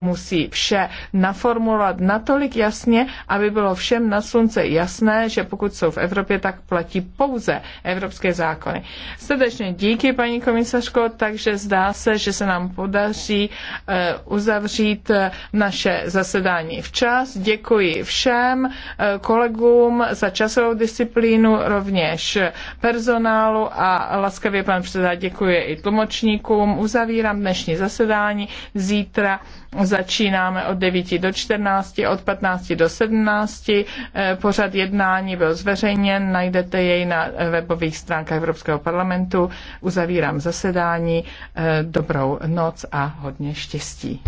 musí vše naformulovat natolik jasně, aby bylo všem na slunce jasné, že pokud jsou v Evropě, tak platí pouze evropské zákony. Srdečně díky, paní komisařko, takže zdá se, že se nám podaří eh, uzavřít eh, naše zasedání včas. Děkuji všem eh, kolegům za časovou disciplínu, rovněž personálu a laskavě pan předseda děkuje i tlumočníkům. Uzavírám dnešní zasedání. Zítra Začínáme od 9 do 14, od 15 do 17. Eh, pořad jednání byl zveřejněn, najdete jej na webových stránkách Evropského parlamentu. Uzavírám zasedání. Eh, dobrou noc a hodně štěstí.